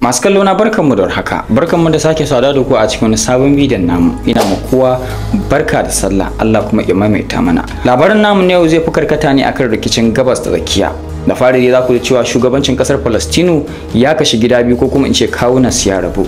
masu kallo na barkanmu da haka barkanmu da sake sada da ku a cikin wani sabon bidiyon namu ina mu kowa barka da sallah Allah kuma ya maimaita mana labarin namu na yau zai fi karkata ne akan rikicin gabas da tsakiya da fari dai za ku ji cewa shugabancin kasar Palestino ya kashe gida biyu ko kuma in ce kawuna ya rabu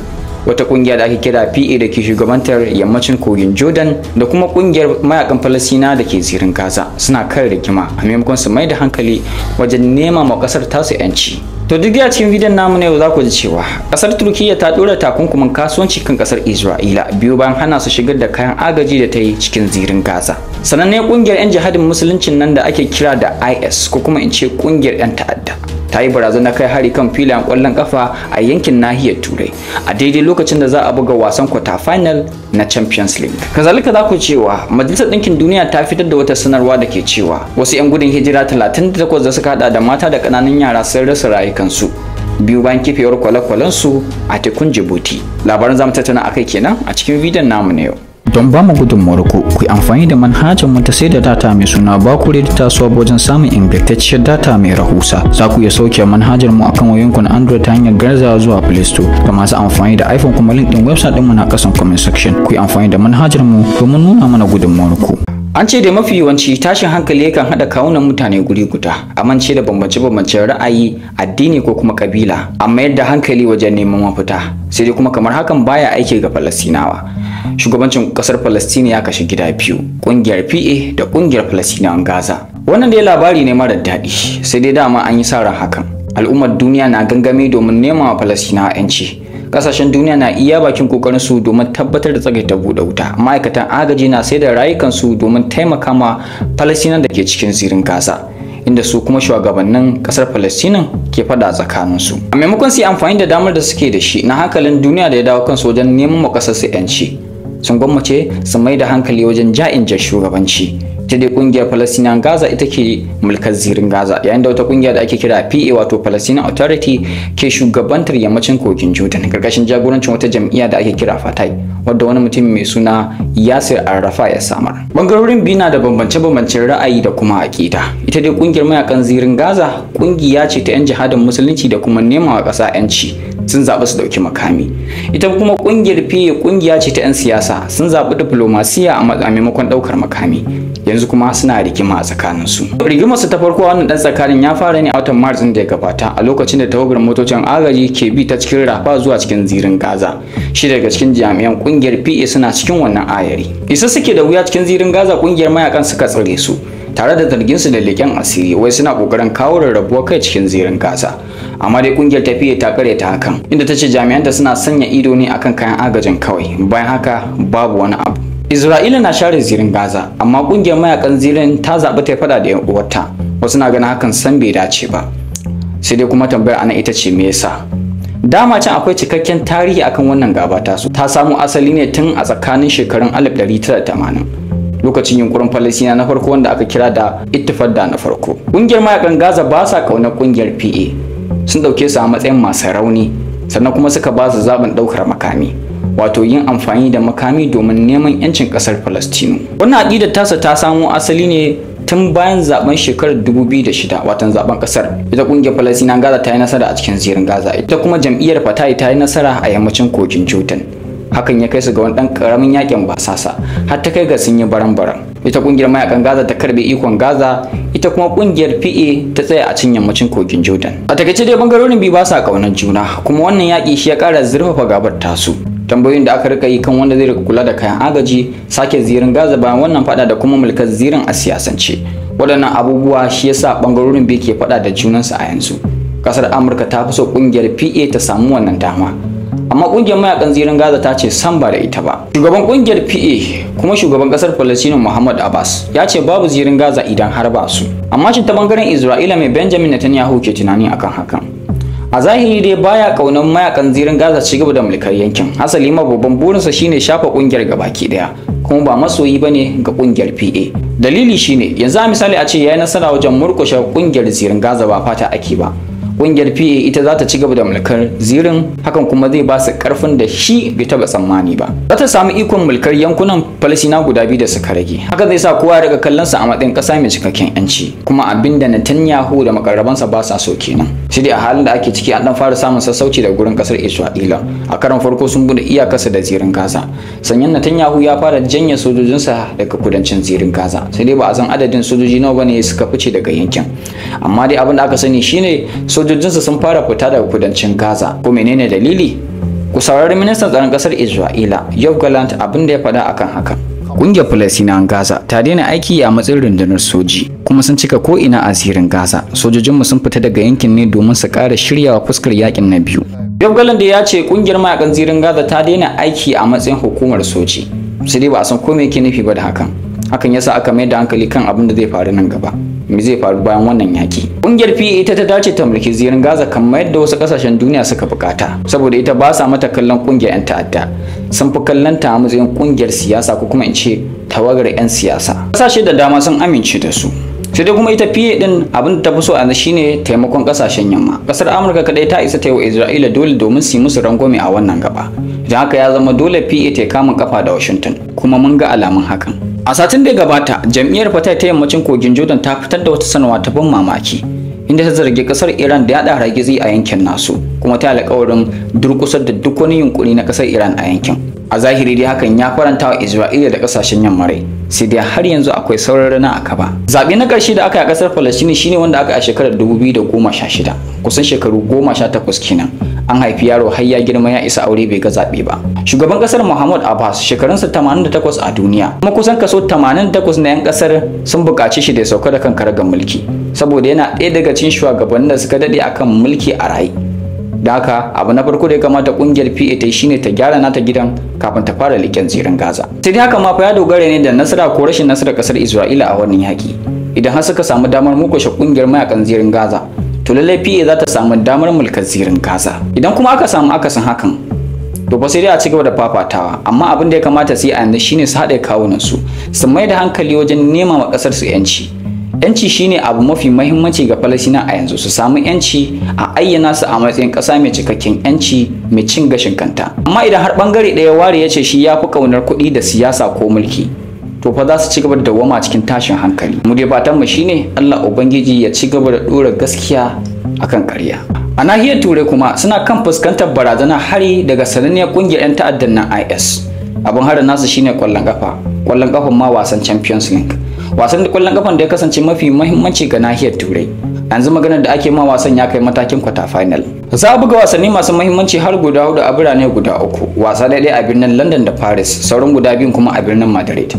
wata kungiya da ake kira PA da ke shugabantar yammacin kogin Jordan da kuma kungiyar mayakan Falasina da ke zirin Gaza suna kan rigima a maimakon su mai da hankali wajen nema ma kasar tasu yanci To duk ya cikin bidiyon namu na yau za ku ji cewa kasar Turkiyya ta dora takunkumin kasuwanci kan kasar Isra'ila biyu bayan hana su shigar da kayan agaji da ta yi cikin zirin Gaza. sananne kungiyar 'yan jihadin musuluncin nan da ake kira da IS ko kuma in ce kungiyar 'yan ta'adda. ta yi barazana kai hari kan filayen kwallon kafa a yankin nahiyar turai a daidai lokacin da za a buga wasan kwata final na champions league kazalika za ku cewa majalisar ɗinkin duniya ta fitar da wata sanarwa da ke cewa wasu 'yan gudun hijira 38 da suka hada da mata da ƙananan yara sun rasa rayukansu biyu bayan kifewar kwale-kwalensu a tekun jibuti labaran zamu tattauna akai kenan a cikin bidiyon namu na yau Don ba mu gudun ku, kuyi amfani da manhajar mu ta sai da data mai suna Bakure da tasowa wajen samun ingantacciyar data mai rahusa. Za ku iya sauke manhajar mu akan wayoyinku na Android ta hanyar garza zuwa Play Store. Ga masu amfani da iPhone kuma link din website din mu na kasan comment section. Ku amfani da manhajar mu domin nuna mana gudun ku. An ce da mafi yawanci tashin hankali yakan haɗa kawunan mutane guri guda, amince da bambance-bambancen ra'ayi, addini ko kuma kabila, amma yadda hankali wajen neman mafita. Sai dai kuma kamar hakan baya aiki ga Falastinawa. Shugabancin ƙasar Falastini ya kashe gida biyu, ƙungiyar PA da ƙungiyar Falastinawan Gaza. Wannan dai labari ne mara daɗi, sai dai dama an yi sa ran hakan. Al'ummar duniya na gangame domin nema wa Falastinawa 'yanci. kasashen duniya na iya bakin kokarin su domin tabbatar da tsagaita buɗe wuta ma'aikatan agaji na sai da rayukan su domin taimaka ma falasinan da ke cikin zirin gaza inda su kuma shugabannin kasar Palestine ke fada su A maimakon su yi amfani da damar da suke da shi na hankalin duniya da ya dawo kansu wajen neman wa kasar su 'yanci. Sun gwammace su mai da hankali wajen ja'in shugabanci. ita dai kungiyar Palestinian Gaza ita ke mulkar zirin Gaza yayin da wata kungiya da ake kira PA wato Palestinian Authority ke shugabantar yammacin kogin Jordan karkashin jagorancin wata jam'iyya da ake kira Fatah wadda wani mutum mai suna Yasir Arafa ya samar bangarorin biyu na da bambance-bambancen ra'ayi da kuma aƙida ita dai kungiyar mayakan zirin Gaza kungiya ce ta 'yan jihadin musulunci da kuma nemawa ƙasa 'yanci sun zaɓi su ɗauki makami ita kuma kungiyar PA kungiya ce ta 'yan siyasa sun zaɓi diplomasiya a maimakon ɗaukar makami yanzu kuma suna rigima a tsakanin su rigimar su ta farko wannan dan tsakanin ya fara ne a watan Maris da ya gabata a lokacin da tawagar motocin agaji ke bi ta cikin rafa zuwa cikin zirin Gaza shi daga cikin jami'an kungiyar PA suna cikin wannan ayari isa suke da wuya cikin zirin Gaza kungiyar mayakan suka tsare su tare da zargin su da leken asiri wai suna kokarin kawo rarrabuwa kai cikin zirin Gaza amma dai kungiyar tafiye ta kare ta hakan inda ta ce jami'anta suna sanya ido ne akan kayan agajin kawai bayan haka babu wani abu Isra'ila na share zirin Gaza, amma kungiyar mayakan zirin ta zaɓi ta faɗa da 'yan uwarta. Wasu na ganin hakan san bai dace ba. Sai dai kuma tambayar ana ita ce me yasa? Dama can akwai cikakken tarihi akan wannan gaba ta su. Ta samu asali ne tun a tsakanin shekarun 1980. lokacin yunkurin Falasina na farko wanda aka kira da ittifadda na farko. Kungiyar mayakan Gaza ba sa kaunar kungiyar PA. Sun dauke su a matsayin masu rauni sannan kuma suka ba su zaɓin ɗaukar makami. wato yin amfani da makami domin neman 'yancin kasar Falastinu. Wannan aƙidar tasa ta samo asali ne tun bayan zaben shekarar 2006 watan zaben kasar ita kungiyar Palestina Gaza ta yi nasara a cikin zirin Gaza ita kuma jam'iyyar Fatai ta yi nasara a yammacin kogin Jordan hakan ya kai su ga wani dan karamin yakin basasa har ta kai ga sun yi baran-baran ita kungiyar mayakan Gaza ta karbe ikon Gaza ita kuma kungiyar PA ta tsaya a cin yammacin kogin Jordan a takaice dai bangarorin biyu ba sa kaunar juna kuma wannan yaki shi ya kara zurfafa gabar tasu tambayoyin da aka rika yi kan wanda zai rika kula da kayan agaji sake zirin gaza bayan wannan fada da kuma mulkar zirin a siyasance waɗannan abubuwa shi yasa bangarorin biyu ke fada da junansa a yanzu kasar amurka ta fi so ƙungiyar pa ta samu wannan dama amma ƙungiyar mayakan zirin gaza ta ce san ba da ita ba shugaban ƙungiyar pa kuma shugaban ƙasar palestine muhammad abbas ya ce babu zirin gaza idan har ba su amma shi ta bangaren isra'ila mai benjamin netanyahu ke tunani akan hakan a zahiri dai baya kaunan mayakan zirin gaza ci gaba da mulkar yankin hasali ma babban burinsa shine shafa kungiyar ke daya kuma ba masoyi bane ga kungiyar pa dalili shine yanzu a misali a ce yayi nasara wajen murkushe kungiyar zirin gaza ba fata ake ba ƙungiyar PA ita za ta ci gaba da mulkar zirin hakan kuma zai ba su karfin da shi bai taba tsammani ba. Za ta samu ikon mulkar yankunan Falasina guda biyu da suka rage. Haka zai sa kowa ya daga kallon sa a matsayin kasa mai cikakken yanci kuma abin da Netanyahu da makarabansa ba sa so kenan. Shi dai a halin da ake ciki an dan fara samun sassauci daga gurin ƙasar Isra'ila. A karan farko sun bude iyakarsa da zirin Gaza. Sanyan Netanyahu ya fara janye sojojinsa daga kudancin zirin Gaza. Sai dai ba a san adadin sojoji nawa bane suka fice daga yankin. Amma dai abin da aka sani shine so sojojinsu sun fara fita daga kudancin Gaza. Ko menene dalili? Ku saurari ministan tsaron kasar Isra'ila, Yoav Gallant abin da ya fada akan hakan. Kungiyar Falasinawan Gaza ta daina aiki a matsayin rundunar soji kuma sun cika ko'ina a zirin Gaza. mu sun fita daga yankin ne domin su kara shiryawa fuskar yakin na biyu. Yoav Gallant ya ce kungiyar mayakan zirin Gaza ta daina aiki a matsayin hukumar soji. Sai dai ba a san ko me yake nufi ba da hakan. Hakan yasa aka mai da hankali kan abin da zai faru nan gaba. me zai faru bayan wannan yaki ƙungiyar PA ita ta dace ta mulki zirin Gaza kamar yadda wasu kasashen duniya suka bukata saboda ita ba sa mata kallon ƙungiyar yan ta'adda sun fi kallon ta a matsayin ƙungiyar siyasa ko kuma in ce tawagar yan siyasa ƙasashe da dama sun amince da su sai dai kuma ita fiye ɗin abin da ta fi so a shi shine taimakon ƙasashen yamma Ƙasar amurka kaɗai ta isa ta yi wa isra'ila dole domin su yi musu rangwame a wannan gaba da haka ya zama dole PA ta kama kafa da Washington kuma mun ga alamun hakan. A satin da ya gabata, jam'iyyar fatai ta yammacin kogin Jordan ta fitar da wata sanarwa ta ban mamaki inda ta zargi kasar Iran da yada ragizi a yankin nasu kuma ta alƙawarin durƙusar da duk wani yunkuri na kasar Iran a yankin. A zahiri dai hakan ya faranta wa Isra'ila da kasashen yammarai sai dai har yanzu akwai sauran rana a kaba. Zaɓe na ƙarshe da aka yi a ƙasar Falastini shine wanda aka yi a shekarar 2016 kusan shekaru goma 18 kenan. an haifi yaro har ya girma ya isa aure bai ga zaɓe ba shugaban kasar muhammad abbas shekarunsa 88 a duniya kuma kusan kaso 88 na 'yan kasar sun buƙaci shi da sauka da kan karagar mulki saboda yana ɗaya daga cikin shugabannin da suka daɗe akan mulki a rai. da haka abu na farko da ya kamata kungiyar PA ta shine ta gyara nata gidan kafin ta fara liken zirin Gaza. Sai dai haka ma fa ya dogara ne da nasara ko rashin nasarar kasar Isra'ila a wannan yaki. Idan har suka samu damar mukushe kungiyar mayakan zirin Gaza, to lallai PA za ta samu damar mulkar zirin Gaza idan kuma aka samu akasin hakan to ba sai dai a ci gaba da fafatawa amma abin da ya kamata su yi a yanzu shine su haɗa kawunan su su mai da hankali wajen nema ma ƙasar su yanci yanci shine abu mafi mahimmanci ga falasina a yanzu su samu yanci a ayyana su a matsayin ƙasa mai cikakken yanci mai cin gashin kanta amma idan har bangare ɗaya ware ya ce shi ya fi ƙaunar kuɗi da siyasa ko mulki to fa za su ci gaba da dawama cikin tashin hankali mu dai fatan mu shine Allah ubangiji ya ci gaba da dora gaskiya akan ƙarya a nahiyar turai kuma suna kan fuskantar barazana hari daga sananniyar kungiyar 'yan ta'addan na is abin harin nasu shine kwallon kafa kwallon kafan ma wasan champions league wasan da kwallon kafan da ya kasance mafi muhimmanci ga nahiyar turai yanzu maganar da ake ma wasan ya kai matakin kwata final za a buga wasanni masu mahimmanci har guda hudu a birane guda uku wasa daidai a birnin london da paris sauran guda biyun kuma a birnin madrid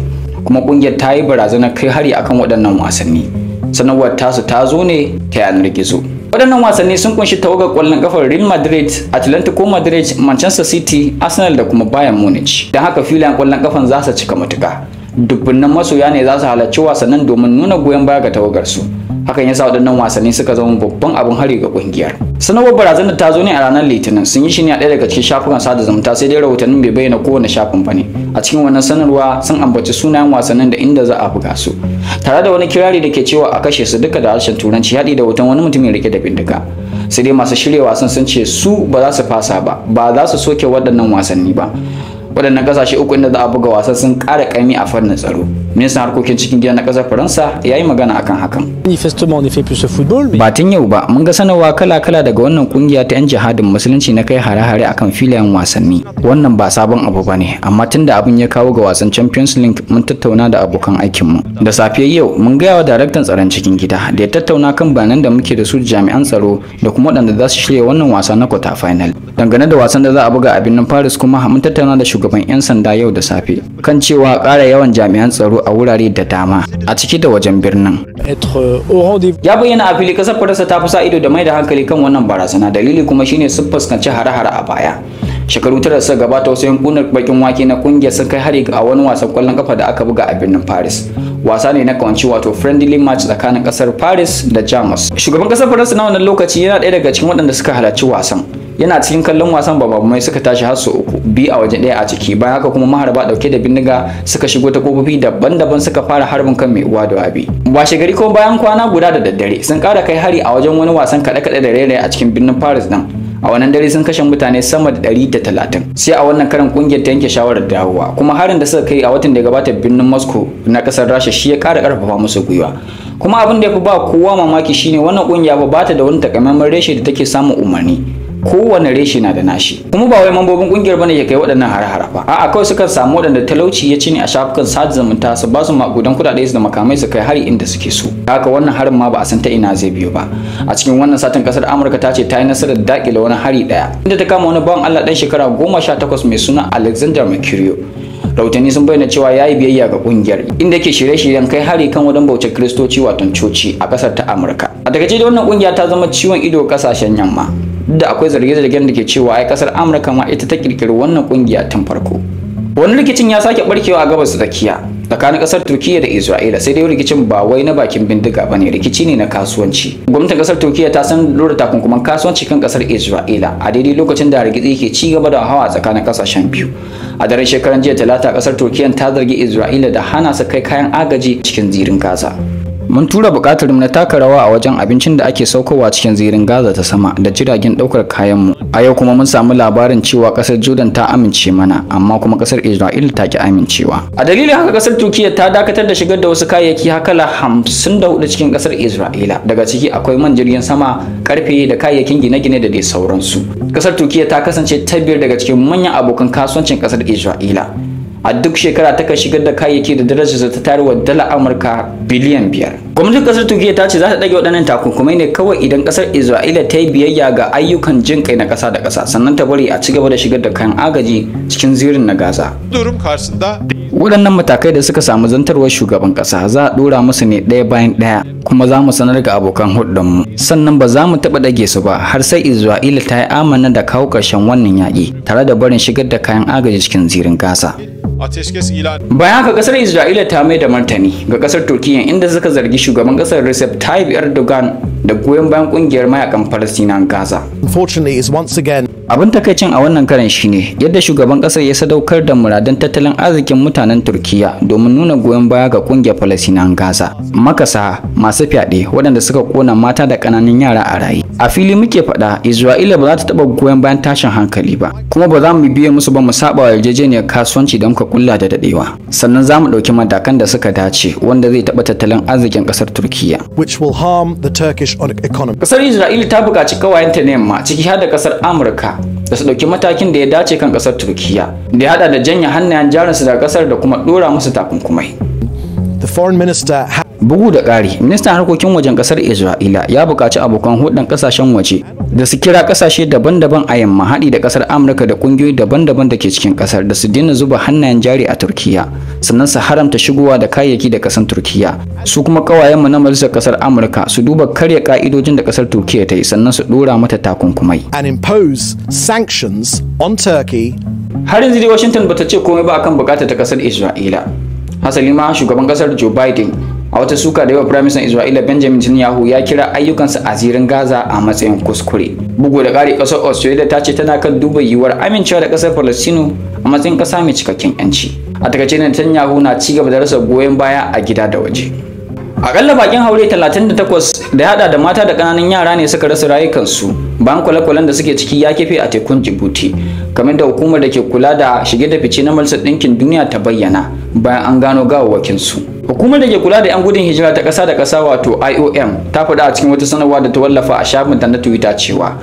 kuma kungiyar ta yi barazanar kai hari akan waɗannan wasanni sanarwar tasu ta zo ne ta yanar gizo waɗannan wasanni sun kunshi tawagar ƙwallon kafar real madrid atlantico madrid manchester city arsenal da kuma bayern munich don haka filayen ƙwallon kafan za su cika matuka dubbunan masoya ne za su halarci wasannin domin nuna goyon baya ga tawagar su hakan ya sa waɗannan wasanni suka zama babban abin hari ga kungiyar sanarwar barazanar ta zo ne a ranar litinin sun yi shi ne a ɗaya daga cikin shafukan sada zumunta sai dai rahotannin bai bayyana kowane shafin ba ne a cikin wannan sanarwa sun ambaci sunayen wasannin da inda za a buga su tare da wani kirari da ke cewa a kashe su duka da harshen turanci haɗi da hoton wani mutumin rike da bindiga sai dai masu shirya wasan sun ce su ba za su fasa ba ba za su soke waɗannan wasanni ba waɗannan ƙasashe uku inda za a buga wasa sun ƙara ƙaimi a fannin tsaro ministan harkokin cikin gida na ƙasar faransa ya yi magana akan hakan tun yau ba mun ga sanarwa kala-kala daga wannan kungiya ta 'yan jihadin musulunci na kai hare-hare akan filayen wasanni wannan ba sabon abu ba ne amma tun da abin ya kawo ga wasan champions league mun tattauna da abokan aikinmu da safiyar yau mun gaya wa daraktan tsaron cikin gida da ya tattauna kan bayanan da muke da su jami'an tsaro da kuma waɗanda za su shirya wannan wasa na kwata final dangane da wasan da za a buga a birnin paris kuma mun tattauna da shugaban shugaban 'yan sanda yau da safe kan cewa ƙara yawan jami'an tsaro a wurare da dama a ciki da wajen birnin. Euh, ya bayyana a fili kasar Faransa ta fi sa ido da mai da hankali kan wannan barazana dalili kuma shine sun fuskanci hare-hare a baya. shekaru tara suka gabata wasu yankunan bakin wake na kungiyar sun kai hari a wani wasan kwallon kafa da aka buga a birnin paris wasa ne na kawanci wato friendly match tsakanin kasar paris da jamus shugaban kasar faransa na wannan lokaci yana ɗaya daga cikin waɗanda suka halarci wasan yana cikin kallon wasan bababumai suka tashi har su uku bi a waje ɗaya a ciki bayan haka kuma maharba dauke da bindiga suka shigo ta kofofi daban-daban suka fara harbin kan mai uwa da wabi washe gari ko bayan kwana guda da daddare sun ƙara kai hari a wajen wani wasan kaɗe-kaɗe da rere a cikin birnin paris din a wannan dare sun kashe mutane sama da 130 sai a wannan karan kungiyar ta yanke shawarar dawowa kuma harin da suka kai a watan da ya gabata birnin moscow na kasar rasha shi ya kara karfafa musu gwiwa kuma abin da ya fi ba kowa mamaki shine wannan kungiya ba ta da wani takamaiman reshe da take samun umarni kowane reshe na da nashi kuma ba wai mambobin kungiyar bane ya kai waɗannan hare-hare ba a'a kawai suka samu waɗanda talauci ya cini a shafukan sada zumunta su ba su makudan kuɗaɗe su da makamai su kai hari inda suke so haka wannan harin ma ba a san ta ina zai biyo ba a cikin wannan satin kasar Amurka ta ce ta yi nasarar dakile wani hari daya inda ta kama wani bawan Allah dan shekara goma sha takwas mai suna Alexander Mercurio rautani sun bayyana cewa ya yi biyayya ga kungiyar inda ke shirye-shiryen kai hari kan wadan bauta kiristoci wato coci a kasar ta amurka a takaice da wannan kungiya ta zama ciwon ido kasashen yamma da akwai zarge-zargen da ke cewa ai kasar amurka ma ita ta kirkiri wannan kungiya tun farko wani rikicin ya sake barkewa a gabas tsakiya tsakanin kasar turkiya da isra'ila sai dai rikicin ba wai na bakin bindiga ba ne rikici ne na kasuwanci gwamnatin kasar turkiya ta san lura takunkuman kasuwanci kan kasar isra'ila a daidai lokacin da rigitsi ke ci gaba da hawa tsakanin kasashen biyu a daren shekaran jiya talata kasar turkiya ta zargi isra'ila da hana su kai kayan agaji cikin zirin gaza mun tura buƙatar na taka rawa a wajen abincin da ake saukowa cikin zirin gaza ta sama da jiragen ɗaukar kayanmu a yau kuma mun samu labarin cewa ƙasar jordan ta amince mana amma kuma ƙasar isra'il ta ki amincewa a dalilin haka ƙasar Turkiyya ta dakatar da shigar da wasu kayayyaki hakala hamsin da hudu cikin ƙasar isra'ila daga ciki akwai man jirgin sama karfe da kayayyakin gine-gine da dai sauransu ƙasar turkiya ta kasance ta biyar daga cikin manyan abokan kasuwancin ƙasar isra'ila a duk shekara takan shigar da kayayyaki da darajarsa ta wa dala amurka biliyan biyar gwamnatin kasar turkiya ta ce za ta ɗage waɗannan takunkumai ne kawai idan kasar isra'ila ta yi biyayya ga ayyukan jin kai na ƙasa da ƙasa sannan ta bari a ci gaba da shigar da kayan agaji cikin zirin na gaza waɗannan matakai da suka samu zantarwar shugaban ƙasa za a ɗora musu ne ɗaya bayan ɗaya kuma za mu sanar ga abokan mu sannan ba za mu taɓa ɗage su ba har sai isra'ila ta yi amana da kawo ƙarshen wannan yaƙi tare da barin shigar da kayan agaji cikin zirin gaza ilan. Bayan haka kasar Isra'ila ta mai da martani ga kasar Turkiyya inda suka zargi shugaban kasar Recep Tayyip Erdogan da goyon bayan kungiyar mayakan Falastinawan Gaza. Unfortunately, is once again abin takaicin a wannan karan shine yadda shugaban kasar ya sadaukar da muradan tattalin arzikin mutanen turkiya domin nuna goyon baya ga kungiyar Falasinan gaza makasa masu fyaɗe waɗanda suka kona mata da ƙananan yara a rayu a fili muke faɗa isra'ila ba za ta taɓa goyon bayan tashin hankali ba kuma ba za mu biye musu ba mu saɓa wa yarjejeniyar kasuwanci da muka kulla da dadewa, sannan za mu ɗauki matakan da suka dace wanda zai taɓa tattalin arzikin ƙasar turkiya which will harm the turkish economy ƙasar isra'ila ta buƙaci kawayenta ne yamma ciki har da ƙasar amurka da su ɗauki matakin da ya dace kan ƙasar turkiya da ya haɗa da janya hannayen jarinsu daga ƙasar da kuma ɗora musu takunkumai bugu da ƙari ministan harkokin wajen ƙasar isra'ila ya buƙaci abokan hudun ƙasashen waje da su kira ƙasashe daban-daban a yamma haɗi da ƙasar amurka da ƙungiyoyi daban-daban da ke cikin ƙasar da su daina zuba hannayen jari a turkiya sannan su haramta shigowa da kayayyaki da kasar turkiyya su kuma mu na majalisar kasar Amurka su duba karya ka'idojin da kasar turkiyya ta yi sannan su dora mata takunkumai and impose sanctions on Turkey har yanzu dai Washington bata ce komai ba akan bukatar ta kasar Isra'ila hasali ma shugaban kasar Joe Biden a wata suka da yawa firaministan isra'ila benjamin netanyahu ya kira ayyukansa a zirin gaza a matsayin kuskure bugu da ƙari ƙasar australia ta ce tana kan duba yiwuwar amincewa da ƙasar palestino a matsayin ƙasa mai cikakken yanci a takaice netanyahu na ci gaba da rasa goyon baya a gida da waje akalla bakin haure 38 da hada da mata da kananan yara ne suka rasa rayukansu bayan kwale-kwalen da suke ciki ya kefe a tekun Djibouti kamar da hukumar da ke kula da shige da fice na Majalisar Ɗinkin Duniya ta bayyana bayan an gano gawawwakin su. Hukumar da ke kula da 'yan gudun hijira ta ƙasa da ƙasa wato IOM ta faɗa a cikin wata sanarwa da ta wallafa a ta na Twitter cewa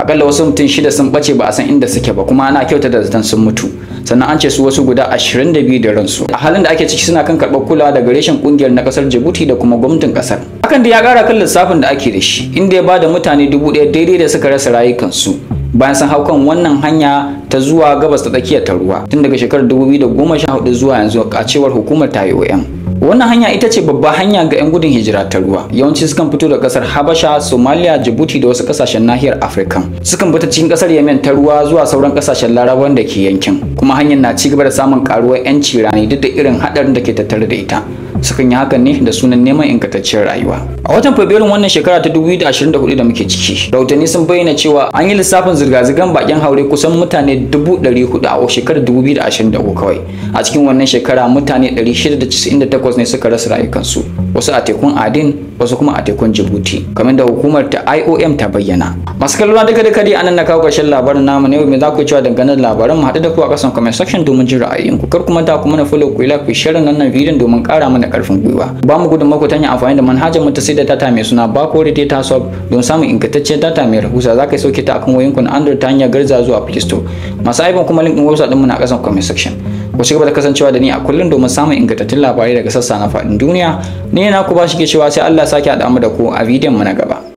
akalla wasu mutum shida sun ɓace ba a san inda suke ba kuma ana kyauta da zaton sun mutu sannan an ce su wasu guda ashirin da ransu a halin da ake ciki suna kan karɓar kulawa daga reshen kungiyar na kasar Djibouti da kuma gwamnatin kasar hakan da ya ƙara kan lissafin da ake da shi inda ya bada mutane dubu ɗaya daidai da suka rasa rayukansu bayan sun hau kan wannan hanya ta zuwa gabas ta tsakiyar ta ruwa tun daga shekarar 2014 zuwa yanzu a cewar hukumar ta IOM wannan hanya ita ce babba hanya ga 'yan gudun hijira ta ruwa yawanci sukan fito da kasar habasha somalia jibuti da wasu kasashen nahiyar afirka sukan fita cikin kasar yemen ta ruwa zuwa sauran kasashen larabawan da ke yankin kuma hanyar na ci gaba da samun karuwar 'yanci rani duk da irin hadarin da ke tattare da ita sukan yi hakan ne da sunan neman ingantacciyar rayuwa A watan Fabrairun wannan shekara ta 2024 da muke ciki, rahotanni sun bayyana cewa an yi lissafin zirga-zirgar bakin haure kusan mutane 400 a shekarar 2023 kawai. A cikin wannan shekara mutane 698 ne suka rasa rayukansu, wasu a tekun Adin, wasu kuma a tekun Djibouti, kamar da hukumar ta IOM ta bayyana. Masu kallon da kada dai anan na kawo ƙarshen labarin namu ne me za ku cewa dangane da labarin mu haɗu da ku a ƙasan comment section domin jin ra'ayinku. Kar kuma da kuma na follow ku like ku share nan nan bidiyon domin ƙara mana ƙarfin gwiwa. Ba mu gudun mako ta amfani da manhajar mu ta sai da data mai suna Bakori Data Shop don samun ingantaccen data mai rahusa za ka sauke ta akan wayoyinku na Android ta hanyar garza zuwa Play Store. Masu aibin kuma din website ɗinmu na kasan comment section. Ku ci gaba da kasancewa da ni a kullum domin samun ingantattun labarai daga sassa na faɗin duniya. Ni na ku ba shi ke cewa sai Allah sake hada mu da ku a bidiyon mu na gaba.